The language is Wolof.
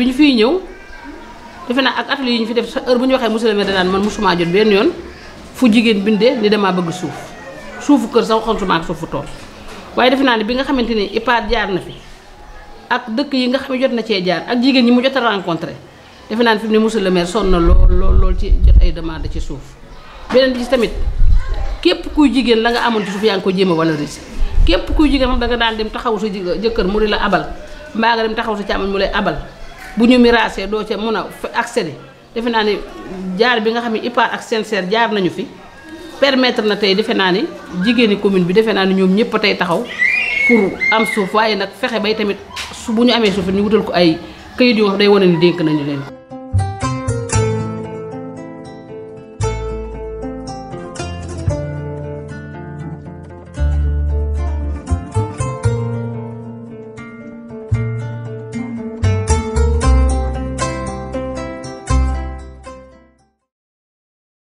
bi ñu fiy ñëw defe naa ak atelier yi ñu fi def sa heure bu ñu waxee monsieur le maire danaan man mosuma jot benn yoon fu jigéen bindee ni damaa bëgg suuf suufu kër sax waxoon suma ak tool waaye defe naa ne bi nga xamante ni IPAD jaar na fi ak dëkk yi nga xam jot na cee jaar ak jigéen ñi mu jot a rencontré naa fi mu ne monsieur le maire sonn na lool lool lool ci jot ay demande ci suuf beneen bi ci tamit képp kuy jigéen la nga amoon ci suuf yaa ngi ko jéem a valoriser képp kuy jigéen xam da nga daan dem taxaw sa jëkkër mu di la abal mbaa nga dem taxaw sa càmmoñ mu lay abal bu ñu miraasee doo ca mën a accéder defe naa ni jaar bi nga xam ne IPAR ak CNCR jaar nañu fi permettre na tey defe naa ni jigéeni commune bi defe naa ni ñoom ñëpp a tey taxaw pour am suuf waaye nag fexe bay tamit su bu ñu amee suuf ñu wutal ko ay këyit yoo day wane ni dénk nañu leen